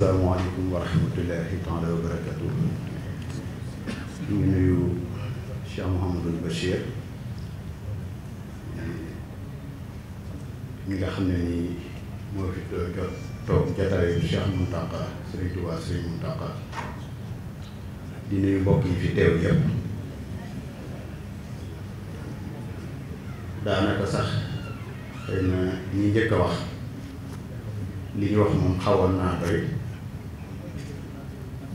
asalaamaaleykum wa rahmatullahi taala wa barakatu ñu nuyu Cheikh Mouhamadul Bachir nga xam ne nii moo fi toog jataayu Cheikh Mountakha Serigne Touba Serigne Mountakha di nuyu mbokk yi fi teew yépp daanaka sax xëy na ñi njëkk wax li ñu wax moom xawoon naa doy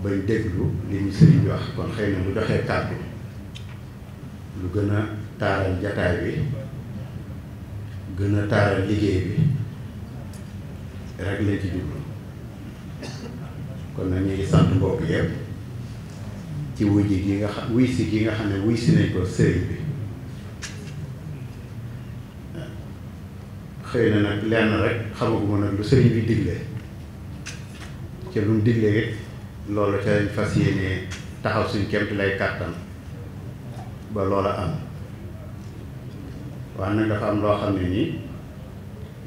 bay déglu li ñu sëriñ wax kon xëy na bu joxee kàddu lu gën a taaral jataay bi gën a taaral liggéey bi rek lañ ci jublu kon nag ñu ngi sant mbokk yëpp ci wuy ji gi nga xam wuy gi nga xam ne wuy si nañ ko sëriñ bi xëy na nag lenn rek xamaguma nag lu sëriñ bi digle ca lu mu digle loolu ca lañ fas yéenee taxaw suñ kemt lay kàttan ba loola am waaye nag dafa am loo xam ne nii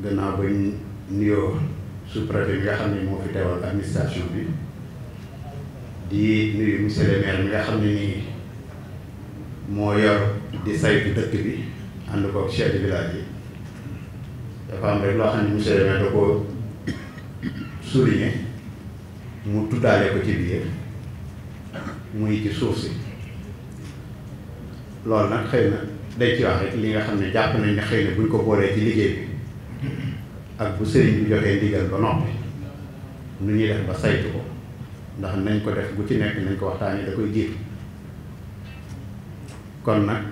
gannaaw ba ñu nuyoo bi nga xam ne moo fi teewal administration bi di nuyu monsieur le nga xam ne nii moo yor di saytu dëkk bi ànd ko chef de am rek loo xam ne monsieur da ko souligner mu tutaale ko ci biir muy ci suuf si lool nag xëy na dañ ci wax rek li nga xam ne jàpp nañ ne xëy na buñ ko boolee ci liggéey bi ak bu sëriñ bi joxee ndigal ba noppi nu ñuy def ba saytu ko ndax nañ ko def bu ci nekk nañ ko waxtaanee da koy jiitu kon nag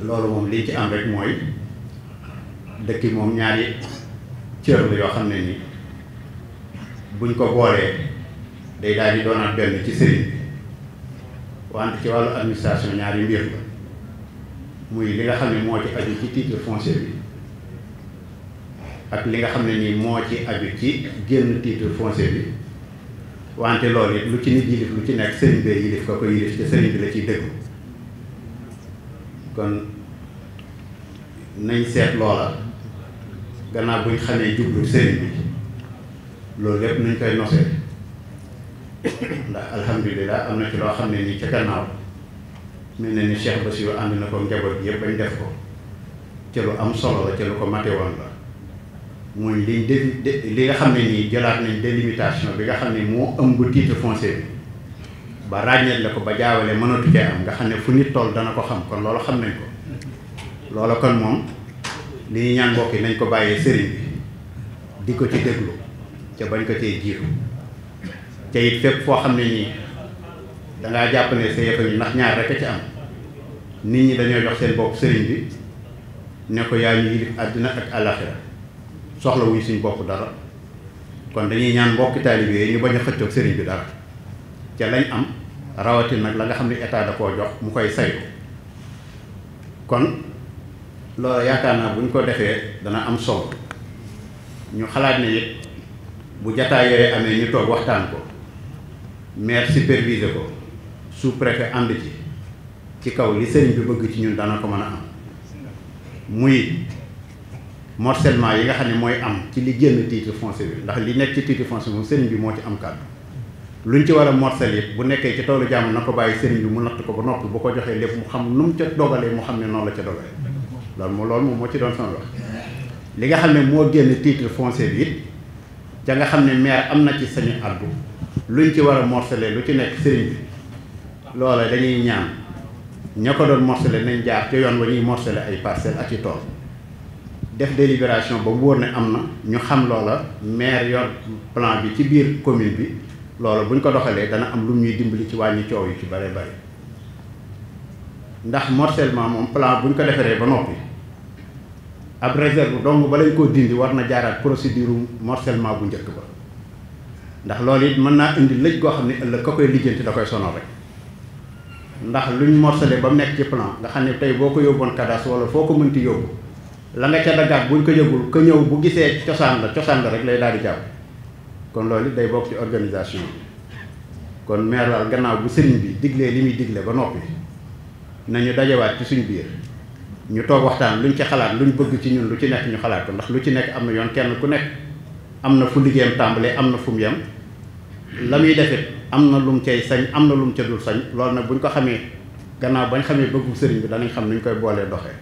loolu moom li ci am rek mooy dëkki moom ñaari cër la yoo xam ne nii buñ ko boolee day daal di doonaat benn ci sëriñ bi wante ci wàllu administration ñaari mbir la muy li nga xam ne moo ci aju ci titre foncier bi ak li nga xam ne nii moo ci aju ci génn titre foncier bi wante lool it lu ci nit yilif lu ci nekk sëriñ bee yilif ko ko yilif te sëriñ bi la ciy dëggu kon nañ seet loola gannaaw buñ xamee jublu sëriñ bi loolu lépp nuñ koy nosee ndax alhamdulilah am na ci loo xam ne nii ca gannaaw mel na ni Cheikh Bassirou ànd na ko njaboot yépp bañ def ko ca lu am solo la ca lu ko mate woon la mooy liñ dé li nga xam ne nii jëlaat nañ délimitation bi nga xam ne moo ëmb titre foncier bi ba ràññeel la ko ba jaawale mënatu cee am nga xam ne fu nit tool dana ko xam kon loolu xam nañ ko loolu kon moom li ñuy ñaan mbokk nañ ko bàyyee sëriñ bi di ko ci déglu ca bañ ko cee jiitu ca it fépp foo xam ne nii dangaa jàpp ne sa yëfa yi ndax ñaar rek a ci am nit ñi dañoo jox seen bopp sëriñ bi ne ko yaa ñu yilif àddina ak àllaxira soxla wuñ suñ bopp dara kon dañuy ñaan mbokk taalibe yooyu ñu bañ a xëccoog sëriñ bi dara ca lañ am rawatin nag la nga xam ne état da koo jox mu koy saytu kon loolu yaakaar naa buñ ko defee dana am solo ñu xalaat ne it bu jataay yooyu amee ñu toog waxtaan ko maire superviser ko sous-préfet ànd ci ci kaw li sëriñ bi bëgg ci ñun dana ko mën a am muy morcellement yi nga xam ne mooy am ci li génn titre foncier bi ndax li nekk ci titre foncier moom sëriñ bi moo ci am kàddu luñ ci war a morcel yëpp bu nekkee ci toolu jàmm na ko bàyyi sëriñ bi mu natt ko ba noppi bu ko joxee lépp mu xam nu mu ca dogalee mu xam ne noon la ca dogalee loolu moom loolu moom moo ci doon sama wax li nga xam moo génn titre foncier bi ja nga xam ne maire am na ci sañu addu luñ ci war a morcelé lu ci nekk sëriñ bi dañuy ñaan ña ko doon morcelé nañ jaar ci yoon wa ñuy morcelé ay parcelles ak ci tool def délibération ba mu wóor ne am na ñu xam loola maire yor plan bi ci biir commune bi loola buñ ko doxalee dana am lu ñuy dimbali ci wàññi coow yu ci bare bare ndax morcellement moom plan buñ ko defaree ba noppi ab réserve dong ba lañ koo dindi war na jaaraat procédure morcellement bu njëkk ba ndax loolu it mën naa indi lëj goo xam ne ëllëg ka koy lijjanti da koy sono rek ndax lu ñu morcelé ba mu nekk ci plan nga xam ne tey boo ko yóbboon kadas wala foo ko mënti yóbbu la nga ca dagaat buñ ko yëgul ka ñëw bu gisee cosaan la cosaan la rek lay daal di jàpp kon loolu it day bokk ci organisation yi kon meer daal gannaaw bu sëriñ bi diglee li muy digle ba noppi nañu dajewaat ci suñ ñu toog waxtaan lu ñu ci xalaat luñ bëgg ci ñun lu ci nekk ñu xalaat ko ndax lu ci nekk am na yoon kenn ku nekk am na fu liggéeyam tàmbalee am na fu mu yem la muy am na lum cay sañ am na lum ca dul sañ loolu nag buñ ko xamee gannaaw bañ xamee bëggu sëriñ bi danañ xam nuñ koy boolee doxee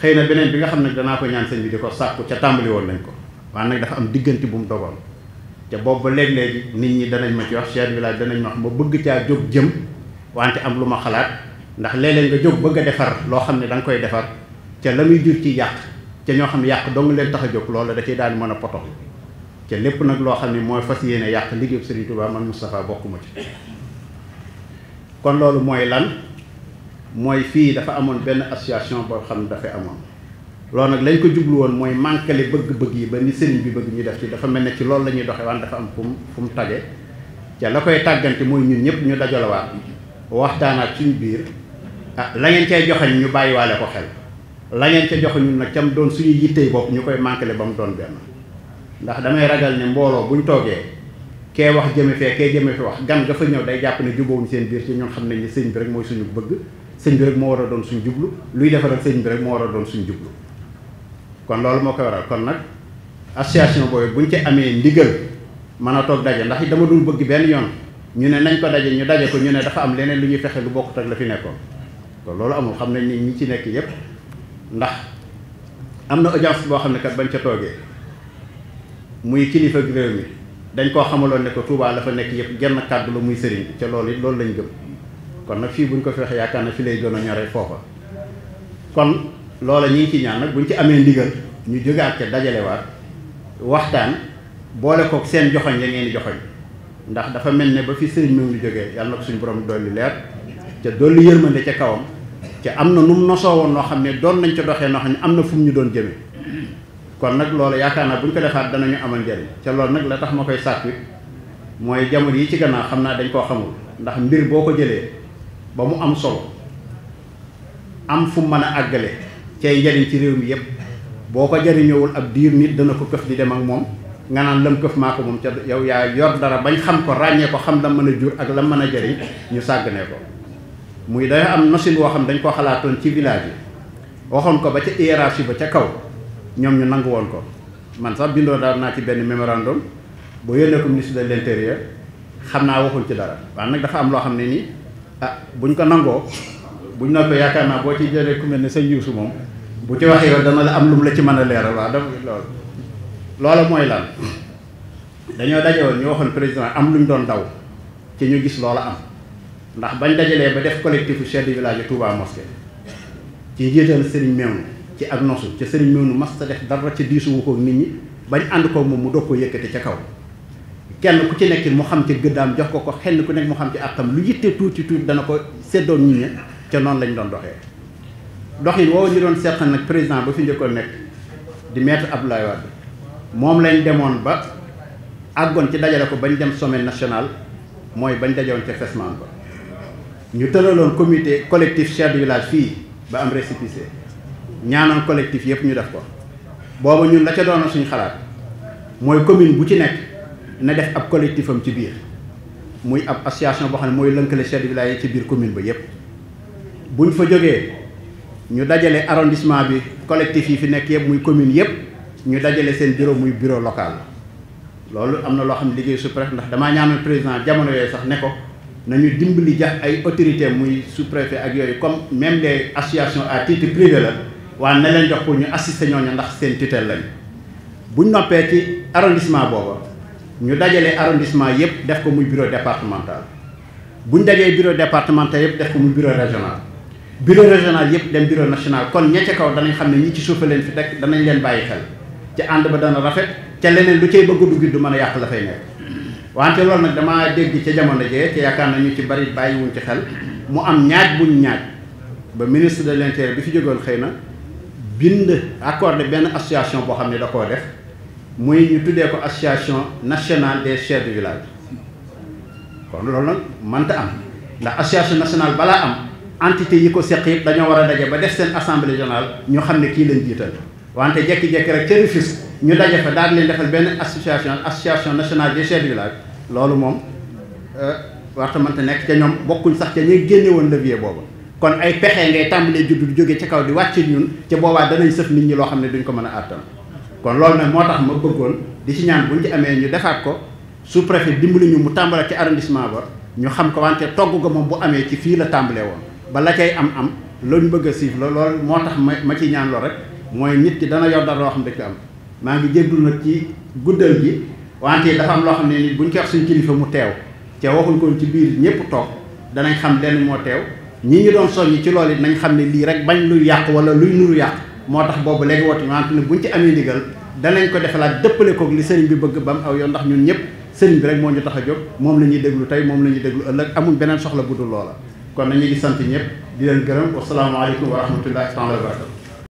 xëy na beneen bi nga xam ne danaa ko ñaan bi di ko ca tàmbali woon nañ ko waaye nag dafa am diggante bu mu dogoon te boobu ba léeg nit ñi danañ ma ci wax chef village danañ ma wax bëgg caa jóg jëm wante am lu ma xalaat ndax léeg-léeg nga jóg bëgg a defar loo xam ne danga koy defar ca la muy jur ci yàq ca ñoo xam ne yàq dong leen tax a jóg loolu da ciy daal mën a poto ca lépp nag loo xam ne mooy fas yéene yàq liggéeyu Serigne Touba man Moustapha bokkuma ci kon loolu mooy lan mooy fii dafa amoon benn association boo xam ne dafay amoon loolu nag lañ ko jublu woon mooy mànkale bëgg-bëgg yi ba ni sëriñ bi bëgg ñu def ci dafa mel ne ci loolu la ñuy doxee waan dafa am fu mu fu mu taje ca la koy tàggante mooy ñun ñëpp ñu dajalewaat waxtaan ci biir ah la ngeen cay joxeñ ñu bàyyiwaale ko xel la ngeen ca joxeñu nag cam doon suñu yittey bopp ñu koy manqué ba mu doon benn ndax damay ragal ne mbooloo buñ toogee kee wax jëme fee kee jëme fi wax gan nga ñëw day jàpp ne jubóowuñ seen biir ci xam nañ ne sëñ bi rek mooy suñu bëgg sëñ bi moo war a doon suñu jublu luy defaral sëñ bi rek moo war a doon suñu jublu kon loolu moo koy waral kon nag association boobu buñ ci amee ndigal mën a toog daje ndax dama dul bëgg benn yoon ñu ne nañ ko daje ñu daje ko ñu ne dafa am leneen lu ñuy fexe lu bokkut ak la fi nekkoon kon loolu amul xam nañ ni ñi ci nekk yépp ndax am na audience boo xam ne kat bañ ca toogee muy kilifa gi mi dañ koo xamaloon ne ko Touba la nekk yépp genn kàddu la muy sëriñ bi ca loolu it loolu lañ gëm kon nag fii buñ ko fi yaakaar na fi lay gën a ñoree foofa kon loola ñi ngi ci ñaan nag buñ ci amee ndigal ñu jógaat ca dajalewaat waxtaan boole kook seen joxoñ ya ngeen joxoñ ndax dafa mel ne ba fi sëriñ moom lu jógee yàlla na ko suñu borom dolli leer ca dolli yërmande ca kawam te am na nu mu nosoo woon noo xam ne doon nañ ca doxee noo xam ne am na fu ñu doon jëme kon nag loolu yaakaar naa bu ñu ko defaat danañu amal njëriñ ca loolu nag la tax ma koy sàkku mooy jamono yi ci gannaaw xam naa dañ koo xamul ndax mbir boo ko jëlee ba mu am solo am fu mën a àggale cay njëriñ ci réew mi yépp boo ko jëriñoowul ab diir nit dana ko këf di dem ak moom nga naan lam këf maa ko moom ca yow yaa yor dara bañ xam ko ràññee ko xam la mën a jur ak la mën a jëriñ ñu sàgg ne ko muy dana am machine boo xam ne dañ ko xalaatoon ci village yi waxoon ko ba ca hiérarchie ba ca kaw ñoom ñu nangu woon ko man sax bindoo daal naa ci benn mémorandum boo yónnee ko ministre de xam naa waxul ci dara waaye nag dafa am loo xam ne nii ah buñ ko nangoo buñ na ko yaakaar naa boo ci jëlee ku mel ne sëñ Youssou moom bu ci waxee yoon dama la am lu mu la ci mën a leeral waa dafa loolu loola mooy lan dañoo daje dajewoon ñu waxoon président am luñ doon daw ci ñu gis loola ndax bañ dajalee ba def collectifu chef de village Touba Mosquée ci njiital Serigne Mewnu ci ak nosu ca Serigne Mewnu mas ta def dara ci diisuwu ko nit ñi bañ ànd koo moom mu doog ko yëkkati ca kaw kenn ku ci nekk mu xam ci gëddaam jox ko ko xel xenn ku nekk mu xam ci àqam lu yitte tuuti tuuti dana ko seddoon nit ñi ca noonu lañ doon doxee doxin woowu ñu doon seq nag président ba fi njëkkoon nekk di maître Abdoulaye Wade moom lañ demoon ba àggoon ci dajale ko bañ dem sommet national mooy bañ dajoon ca ñu tëraloon comité collectif chef de village fii ba am récépissé ñaanoon collectif yëpp ñu def ko booba ñun la ca doon suñu xalaat mooy commune bu ci nekk na def ab collectif am ci biir muy ab association boo xam ne mooy lënkale chef de village ci biir commune ba yëpp ñu fa jógee ñu dajale arrondissement bi collectif yi fi nekk yëpp muy commune yëpp ñu dajale seen bureau muy bureau local loolu am na loo xam ne liggéey su préfet ndax damaa ñaanoon président jamono yooyu sax ne ko nañu dimbali jax ay autorité muy sous-préfet ak yooyu comme même les associations à titre privé la waaye na leen jox ko ñu assister ñooñu ndax seen tutelle lañu buñ noppee ci arrondissement booba ñu dajale arrondissement yëpp def ko muy bureau départemental buñ dajee bureau départemental yëpp def ko muy bureau régional bureau régional yëpp dem bureau national kon ña ca kaw danañ xam ne ñi ci suufa leen fi teg danañ leen bàyyi xel ci ànd ba dana rafet ca leneen lu cay bëgg dugg du mën a yàq la fay wante loolu nag damaa dégg ca jamono jee te yaakaar nañu ci bari bàyyiwuñ ci xel mu am ñaaj buñ ñaaj ba ministre de l'intérieur bi fi jógoon xëy na bind accordé benn association boo xam ne da koo def muy ñu tuddee ko association nationale des chefs de village kon loolu nag mënta am ndax association nationale balaa am entité yi ko seq yëpp dañoo war a daje ba def seen assemblée générale ñu xam ne kii lañ jiital wante jekki-jekki rek ca Rufisque ñu daje fa daal leen defal benn association association nationale des chefs de village loolu moom euh, warta mënta nekk ca ñoom bokkuñ sax ca ñuy génne woon levier boobu kon ay pexe ngay tàmbalee juddu di jóge ci kaw di wàcc ñun ca boobaa danañ sëf nit ñi loo xam ne duñ ko mën a àttan kon loolu nag moo tax ma bëggoon di ci ñaan buñ ci amee ñu defaat ko sous préfet dimbali ñu mu tàmbale ci arrondissement ba ñu xam ko wante togg ko moom bu amee ci fii la tàmbalee woon ba la am am loolu bëgg a siif la moo tax ma ma ci ñaan rek mooy nit ki dana yor dara loo xam ne dañ ko am maa ngi jéggul na ci guddal gi wante dafa am loo xam ne ni buñ ko wax suñ kilifa mu teew te waxuñ koon ci biir ñëpp toog danañ xam lenn moo teew ñi ñu doon soññ ci loolu it nañ xam ne lii rek bañ luy yàq wala luy nuru yàq moo tax boobu léegi woote wante ne buñ ci amee ndigal danañ ko defalaat dëppale koog li bi bëgg ba aw yoon ndax ñun ñëpp sëriñ bi rek ñu tax a jóg moom la ñuy déglu tey moom la ñuy déglu ëllëg amuñ beneen soxla bu dul loola kon nañu ngi sant ñëpp di leen gërëm wasalaamaaleykum wa rahmatullahi taala wa